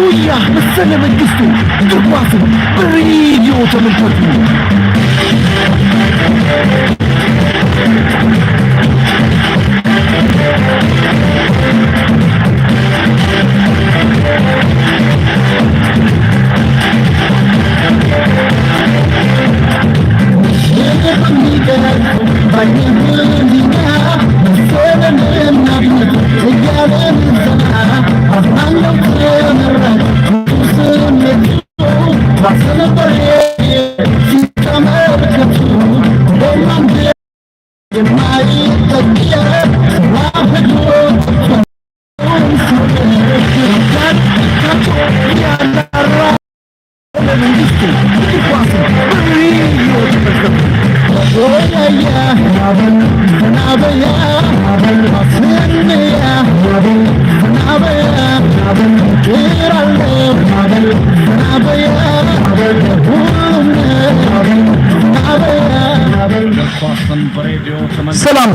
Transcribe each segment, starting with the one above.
ሱያ መሰለ መንግስቱ እግር ኳስን በሬዲዮ ተመልከቱ።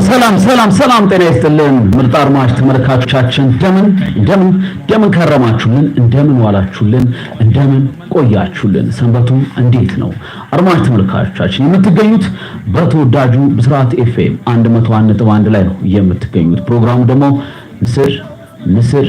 ሰላም ሰላም ሰላም፣ ጤና ይስጥልን ምርጥ አድማጭ ተመልካቾቻችን፣ እንደምን እንደምን እንደምን ከረማችሁልን፣ እንደምን ዋላችሁልን፣ እንደምን ቆያችሁልን። ሰንበቱ እንዴት ነው? አድማጭ ተመልካቾቻችን የምትገኙት በተወዳጁ ብስራት ኤፍኤም 101.1 ላይ ነው የምትገኙት። ፕሮግራሙ ደግሞ ንስር ንስር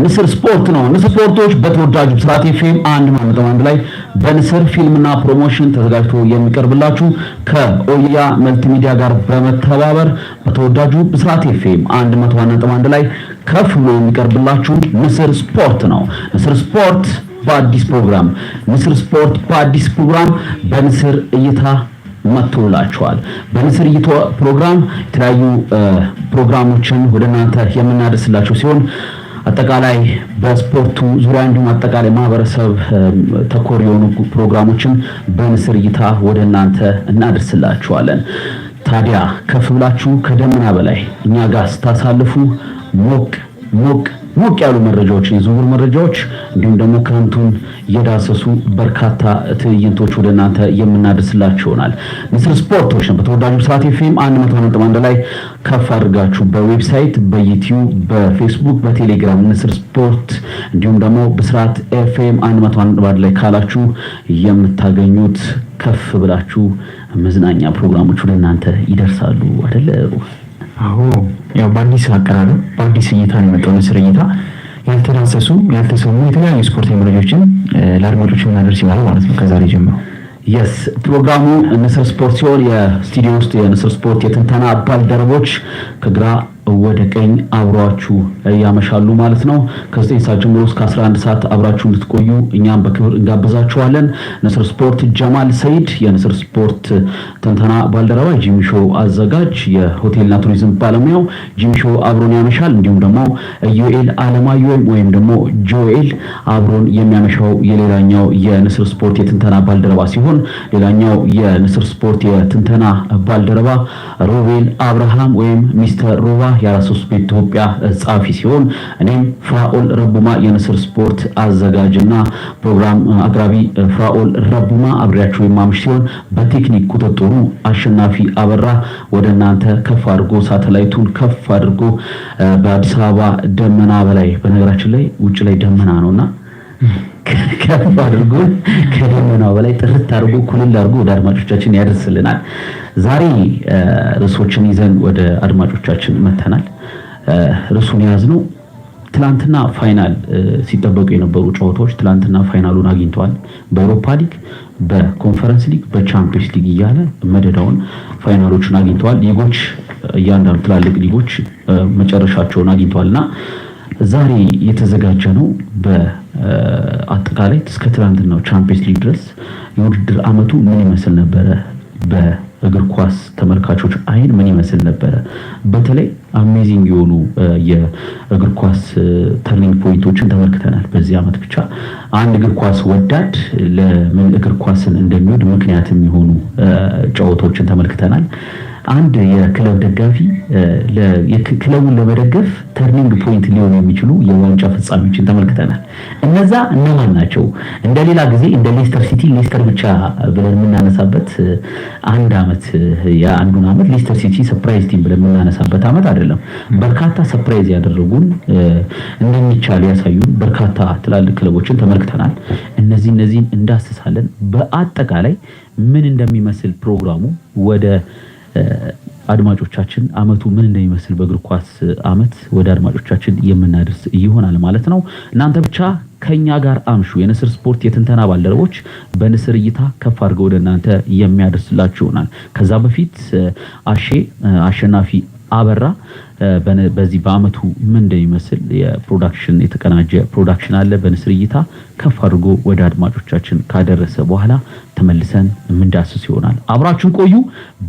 ንስር ስፖርት ነው። ንስር ስፖርቶች በተወዳጁ ብስራት ኤፍኤም አንድ ማመጠው አንድ ላይ በንስር ፊልምና ፕሮሞሽን ተዘጋጅቶ የሚቀርብላችሁ ከኦያ መልቲሚዲያ ጋር በመተባበር በተወዳጁ ብስራት ኤፍኤም አንድ መቶ ነጥብ አንድ ላይ ከፍ ብሎ የሚቀርብላችሁ ንስር ስፖርት ነው። ንስር ስፖርት በአዲስ ፕሮግራም ንስር ስፖርት በአዲስ ፕሮግራም በንስር እይታ መጥቶላችኋል። በንስር እይታ ፕሮግራም የተለያዩ ፕሮግራሞችን ወደ እናንተ የምናደርስላችሁ ሲሆን አጠቃላይ በስፖርቱ ዙሪያ እንዲሁም አጠቃላይ ማህበረሰብ ተኮር የሆኑ ፕሮግራሞችን በንስር እይታ ወደ እናንተ እናደርስላችኋለን። ታዲያ ከፍ ብላችሁ ከደመና በላይ እኛ ጋር ስታሳልፉ ሞቅ ሞቅ ሞቅ ያሉ መረጃዎች፣ የዝውውር መረጃዎች እንዲሁም ደግሞ ክረምቱን የዳሰሱ በርካታ ትዕይንቶች ወደ እናንተ የምናደርስላችሁ ይሆናል። ንስር ስፖርቶች ነው በተወዳጁ ሰዓት ኤፍኤም አንድ መቶ ነጥብ አንድ ላይ ከፍ አድርጋችሁ በዌብሳይት በዩቲዩብ በፌስቡክ በቴሌግራም ንስር ስፖርት እንዲሁም ደግሞ በስርዓት ኤፍኤም አንድ መቶ ነጥብ አንድ ላይ ካላችሁ የምታገኙት ከፍ ብላችሁ መዝናኛ ፕሮግራሞች ወደ እናንተ ይደርሳሉ አደለ? አዎ ያው በአዲስ አቀራረብ በአዲስ እይታ ነው የመጣው። ንስር እይታ ያልተዳሰሱ ያልተሰሙ የተለያዩ ስፖርታዊ መረጃዎችን ለአድማጮች የምናደርስ ይሆናል ማለት ነው ከዛሬ ጀምሮ። የስ ፕሮግራሙ ንስር ስፖርት ሲሆን የስቱዲዮ ውስጥ የንስር ስፖርት የትንተና ባልደረቦች ከግራ ወደ ቀኝ አብሯችሁ ያመሻሉ ማለት ነው ከዘጠኝ ሰዓት ጀምሮ እስከ 11 ሰዓት አብራችሁ እንድትቆዩ እኛም በክብር እንጋብዛችኋለን። ንስር ስፖርት ጀማል ሰይድ የንስር ስፖርት ትንተና ባልደረባ፣ ጂሚ አዘጋጅ፣ የሆቴልና ቱሪዝም ባለሙያው ጂሚ አብሮን ያመሻል። እንዲሁም ደግሞ ዩኤል አለማየሁ ወይም ደግሞ ጆኤል አብሮን የሚያመሻው የሌላኛው የንስር ስፖርት የትንተና ባልደረባ ሲሆን ሌላኛው የንስር ስፖርት የትንተና ባልደረባ ሮቤል አብርሃም ወይም ሚስተር ሮባ የአራሶስ በኢትዮጵያ ጸሐፊ ሲሆን እኔም ፍራኦል ረቡማ የንስር ስፖርት አዘጋጅና ፕሮግራም አቅራቢ ፍራኦል ረቡማ አብሬያችሁ የማምሽ ሲሆን በቴክኒክ ቁጥጥሩ አሸናፊ አበራ ወደ እናንተ ከፍ አድርጎ ሳተላይቱን ከፍ አድርጎ በአዲስ አበባ ደመና በላይ በነገራችን ላይ ውጭ ላይ ደመና ነውና ከፍ አድርጎ ከደመናው በላይ ጥርት አድርጎ ኩልል አድርጎ ወደ አድማጮቻችን ያደርስልናል። ዛሬ ርዕሶችን ይዘን ወደ አድማጮቻችን መተናል። ርዕሱን የያዝነው ትላንትና ፋይናል ሲጠበቁ የነበሩ ጨዋታዎች ትላንትና ፋይናሉን አግኝተዋል። በአውሮፓ ሊግ፣ በኮንፈረንስ ሊግ፣ በቻምፒዮንስ ሊግ እያለ መደዳውን ፋይናሎችን አግኝተዋል። ሊጎች እያንዳንዱ ትላልቅ ሊጎች መጨረሻቸውን አግኝተዋል እና ዛሬ የተዘጋጀ ነው። በአጠቃላይ እስከ ትናንትናው ቻምፒየንስ ሊግ ድረስ የውድድር አመቱ ምን ይመስል ነበረ? በእግር ኳስ ተመልካቾች አይን ምን ይመስል ነበረ? በተለይ አሜዚንግ የሆኑ የእግር ኳስ ተርኒንግ ፖይንቶችን ተመልክተናል። በዚህ አመት ብቻ አንድ እግር ኳስ ወዳድ ለምን እግር ኳስን እንደሚወድ ምክንያት የሚሆኑ ጨዋታዎችን ተመልክተናል። አንድ የክለብ ደጋፊ ክለቡን ለመደገፍ ተርኒንግ ፖይንት ሊሆኑ የሚችሉ የዋንጫ ፍጻሜዎችን ተመልክተናል። እነዛ እነማን ናቸው? እንደ ሌላ ጊዜ እንደ ሌስተር ሲቲ ሌስተር ብቻ ብለን የምናነሳበት አንድ ዓመት የአንዱን ዓመት ሌስተር ሲቲ ሰፕራይዝ ቲም ብለን የምናነሳበት ዓመት አይደለም። በርካታ ሰፕራይዝ ያደረጉን እንደሚቻል ያሳዩን በርካታ ትላልቅ ክለቦችን ተመልክተናል። እነዚህ እነዚህን እንዳስሳለን። በአጠቃላይ ምን እንደሚመስል ፕሮግራሙ ወደ አድማጮቻችን አመቱ ምን እንደሚመስል በእግር ኳስ አመት ወደ አድማጮቻችን የምናደርስ ይሆናል ማለት ነው። እናንተ ብቻ ከኛ ጋር አምሹ። የንስር ስፖርት የትንተና ባልደረቦች በንስር እይታ ከፍ አድርገው ወደ እናንተ የሚያደርስላችሁ ይሆናል። ከዛ በፊት አሼ አሸናፊ አበራ በዚህ በአመቱ ምን እንደሚመስል የፕሮዳክሽን የተቀናጀ ፕሮዳክሽን አለ በንስር እይታ ከፍ አድርጎ ወደ አድማጮቻችን ካደረሰ በኋላ ተመልሰን የምንዳስስ ይሆናል። አብራችሁን ቆዩ።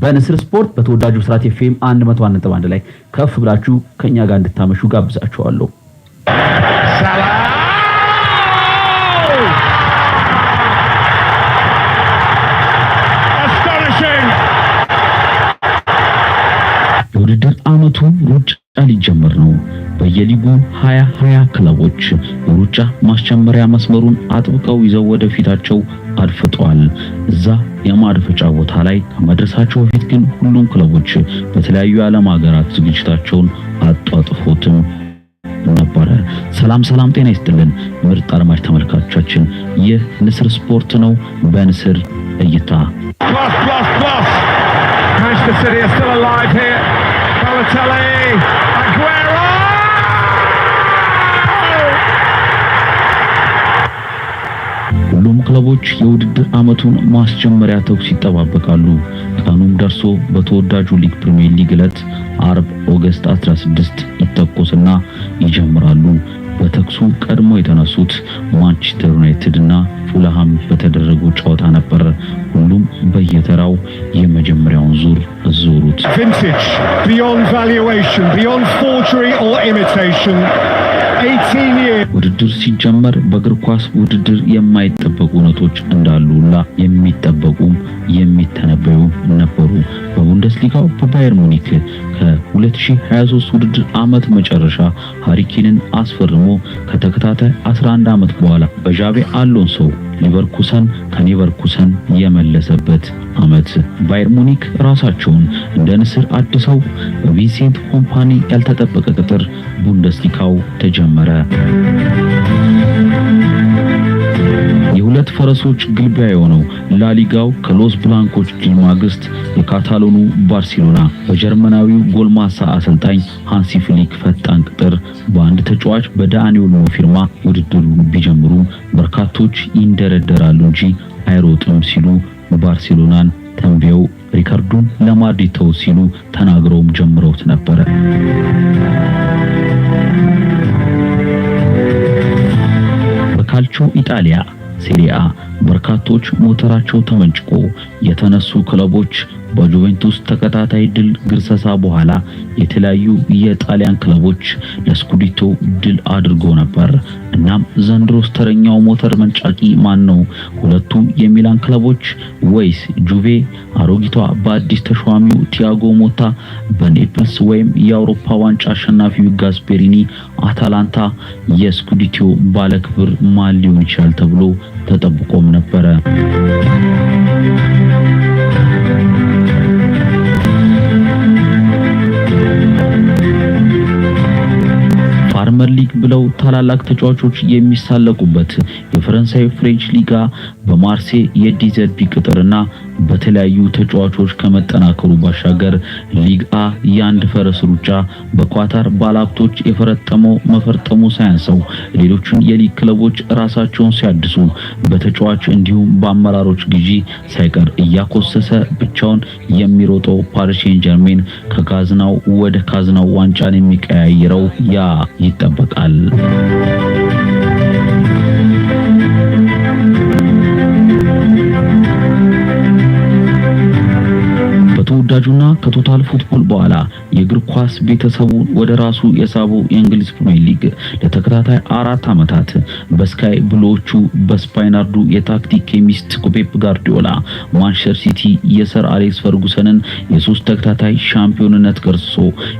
በንስር ስፖርት በተወዳጁ ብስራት ኤፍኤም 101.1 ላይ ከፍ ብላችሁ ከእኛ ጋር እንድታመሹ ጋብዛችኋለሁ። ሊጀምር ነው። በየሊጉ ሀያ ሀያ ክለቦች የሩጫ ማስጀመሪያ መስመሩን አጥብቀው ይዘው ወደፊታቸው አድፍጠዋል። እዛ የማድፈጫ ቦታ ላይ ከመድረሳቸው በፊት ግን ሁሉም ክለቦች በተለያዩ የዓለም ሀገራት ዝግጅታቸውን አጧጥፎትም ነበረ። ሰላም ሰላም፣ ጤና ይስጥልን ምርጥ አድማጭ ተመልካቾቻችን፣ ይህ ንስር ስፖርት ነው። በንስር እይታ Balotelli, Aguero! ሁሉም ክለቦች የውድድር ዓመቱን ማስጀመሪያ ተኩስ ይጠባበቃሉ። ቀኑም ደርሶ በተወዳጁ ሊግ ፕሪሚየር ሊግ ዕለት አርብ ኦገስት 16 ይተኮስና ይጀምራሉ። በተኩሱ ቀድሞ የተነሱት ማንቸስተር ዩናይትድ እና ፉልሃም በተደረጉ ጨዋታ ነበር። ሁሉም በየተራው የመጀመሪያውን ዙር ኢሚቴሽን ውድድር ሲጀመር በእግር ኳስ ውድድር የማይጠበቁ እውነቶች እንዳሉና የሚጠበቁም የሚተነበዩም ነበሩ። በቡንደስሊጋው በባየር ሙኒክ ከ2023 ውድድር ዓመት መጨረሻ ሃሪኬንን አስፈርሞ ከተከታታይ 11 ዓመት በኋላ በዣቤ አሎንሶ ሊቨርኩሰን ከሊቨርኩሰን የመለሰበት ዓመት ባየር ሙኒክ ራሳቸውን እንደ ንስር አድሰው በቪንሴንት ኮምፓኒ ያልተጠበቀ ቅጥር ቡንደስሊካው ተጀመረ። የሁለት ፈረሶች ግልቢያ የሆነው ላሊጋው ከሎስ ብላንኮች ድል ማግስት የካታሎኑ ባርሴሎና በጀርመናዊው ጎልማሳ አሰልጣኝ ሃንሲ ፍሊክ ፈጣን ቅጥር በአንድ ተጫዋች በዳንኤል ፊርማ ውድድሩ ቢጀምሩ በርካቶች ይንደረደራሉ እንጂ አይሮጥም ሲሉ ባርሴሎናን ተንብየው ሪካርዶን ለማድሪድ ተው ሲሉ ተናግረውም ጀምረውት ነበረ። በካልቾ ኢጣሊያ ሴሪአ በርካቶች ሞተራቸው ተመንጭቆ የተነሱ ክለቦች በጁቬንቱስ ተከታታይ ድል ግርሰሳ በኋላ የተለያዩ የጣሊያን ክለቦች ለስኩዲቶ ድል አድርጎ ነበር። እናም ዘንድሮስ ተረኛው ሞተር መንጫቂ ማን ነው? ሁለቱም የሚላን ክለቦች ወይስ ጁቬ? አሮጊቷ በአዲስ ተሿሚው ቲያጎ ሞታ በኔፕልስ ወይም የአውሮፓ ዋንጫ አሸናፊው ጋስፔሪኒ አታላንታ የስኩዲቶ ባለክብር ማን ሊሆን ይችላል ተብሎ ተጠብቆም ነበረ። ፕሪሚየር ሊግ ብለው ታላላቅ ተጫዋቾች የሚሳለቁበት የፈረንሳይ ፍሬንች ሊጋ በማርሴ የዲዘልፒ ቅጥርና በተለያዩ ተጫዋቾች ከመጠናከሩ ባሻገር ሊግ የአንድ ፈረስ ሩጫ በኳታር ባለሀብቶች የፈረጠመው መፈርጠሙ ሳያንሰው ሌሎችን የሊግ ክለቦች ራሳቸውን ሲያድሱ በተጫዋች እንዲሁም በአመራሮች ግዢ ሳይቀር እያኮሰሰ ብቻውን የሚሮጠው ፓሪስ ሴን ጀርሜን ከካዝናው ወደ ካዝናው ዋንጫን የሚቀያይረው ያ ይጠበቃል። ከተወዳጁና ከቶታል ፉትቦል በኋላ የእግር ኳስ ቤተሰቡ ወደ ራሱ የሳቦ የእንግሊዝ ፕሪሚየር ሊግ ለተከታታይ አራት ዓመታት በስካይ ብሎቹ በስፓይናርዱ የታክቲክ ኬሚስት ኮፔፕ ጋርዲዮላ ማንቸስተር ሲቲ የሰር አሌክስ ፈርጉሰንን የሶስት ተከታታይ ሻምፒዮንነት ገርሶ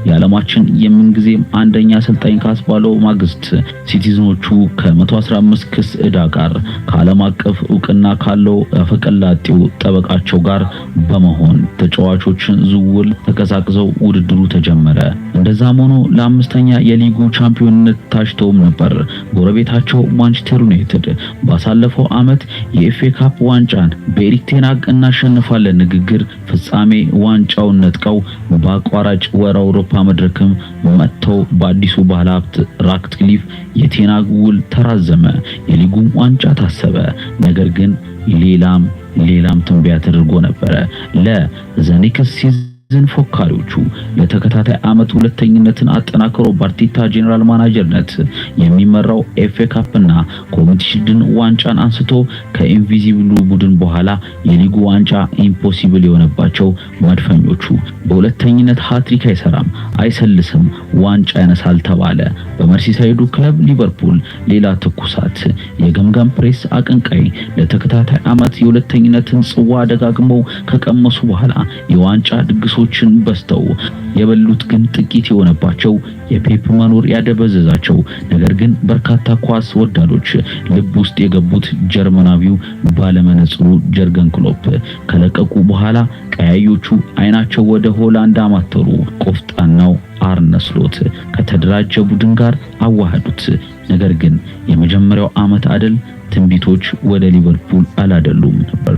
የዓለማችን የምንጊዜም አንደኛ አሰልጣኝ ካስባለው ማግስት ሲቲዝኖቹ ከ115 ክስ ዕዳ ጋር ከዓለም አቀፍ እውቅና ካለው አፈቀላጤው ጠበቃቸው ጋር በመሆን ተጫዋቾችን ዝውውር ተቀዛቅዘው ውድድሩ ተጀመረ። እንደዛም ሆኖ ለአምስተኛ የሊጉ ቻምፒዮንነት ታጭተውም ነበር። ጎረቤታቸው ማንቸስተር ዩናይትድ ባሳለፈው ዓመት የኤፍኤ ካፕ ዋንጫን በኤሪክ ቴናግ እናሸንፋለን ንግግር ፍጻሜ ዋንጫውን ነጥቀው በአቋራጭ ወደ አውሮፓ መድረክም መጥተው በአዲሱ ባለሀብት ራትክሊፍ የቴናግ ውል ተራዘመ። የሊጉም ዋንጫ ታሰበ። ነገር ግን ሌላም ሌላም ትንቢያ ተደርጎ ነበረ ለዘኔክስ ዘን ፎካሪዎቹ ለተከታታይ ዓመት ሁለተኝነትን አጠናክሮ በአርቴታ ጄኔራል ማናጀርነት የሚመራው ኤፍኤ ካፕና ኮሚኒቲ ሺልድን ዋንጫን አንስቶ ከኢንቪዚብሉ ቡድን በኋላ የሊጉ ዋንጫ ኢምፖሲብል የሆነባቸው መድፈኞቹ በሁለተኝነት ሃትሪክ አይሰራም አይሰልስም ዋንጫ ያነሳል ተባለ። በመርሲሳይዱ ክለብ ሊቨርፑል ሌላ ትኩሳት። የገምገም ፕሬስ አቀንቃይ ለተከታታይ ዓመት የሁለተኝነትን ጽዋ ደጋግመው ከቀመሱ በኋላ የዋንጫ ድግሶችን በስተው የበሉት ግን ጥቂት የሆነባቸው የፔፕ መኖር ያደበዘዛቸው ነገር ግን በርካታ ኳስ ወዳዶች ልብ ውስጥ የገቡት ጀርመናዊው ባለመነጽሩ ጀርገን ክሎፕ ከለቀቁ በኋላ ቀያዮቹ አይናቸው ወደ ሆላንድ አማተሩ። ቆፍጣናው አርነስሎት ከተደራጀ ቡድን ጋር አዋህዱት። ነገር ግን የመጀመሪያው ዓመት አደል ትንቢቶች ወደ ሊቨርፑል አላደሉም ነበር።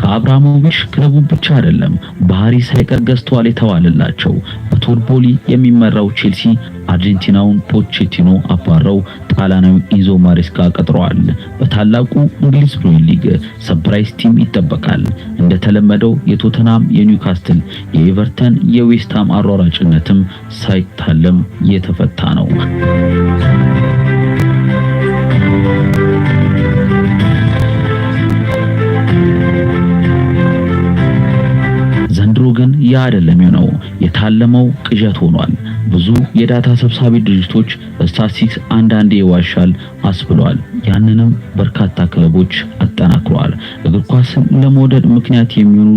ከአብራሞቪች ክለቡ ብቻ አይደለም ባህሪ ሳይቀር ገዝተዋል የተባለላቸው በቶድ ቦሊ የሚመራው ቼልሲ አርጀንቲናውን ፖቼቲኖ አባረው ጣሊያናዊ ኢንዞ ማሬስካ ቀጥረዋል። በታላቁ እንግሊዝ ፕሪሚየር ሊግ ሰፕራይዝ ቲም ይጠበቃል። እንደተለመደው የቶተናም፣ የኒውካስትል፣ የኤቨርተን፣ የዌስትሃም አሯራጭነትም ሳይታለም የተፈታ ነው። ግን ያ አይደለም የሆነው። የታለመው ቅዠት ሆኗል። ብዙ የዳታ ሰብሳቢ ድርጅቶች ስታትስቲክስ አንዳንዴ ይዋሻል አስብሏል። ያንንም በርካታ ክለቦች አጠናክረዋል። እግር ኳስን ለመውደድ ምክንያት የሚሆኑ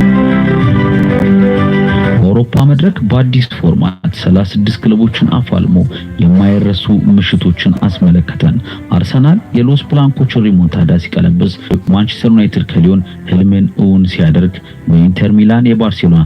በአውሮፓ መድረክ በአዲስ ፎርማት 36 ክለቦችን አፋልሞ የማይረሱ ምሽቶችን አስመለከተን። አርሰናል የሎስ ብላንኮችን ሪሞንታዳ ሲቀለብስ፣ ማንቸስተር ዩናይትድ ከሊዮን ህልምን እውን ሲያደርግ፣ ኢንተር ሚላን የባርሴሎና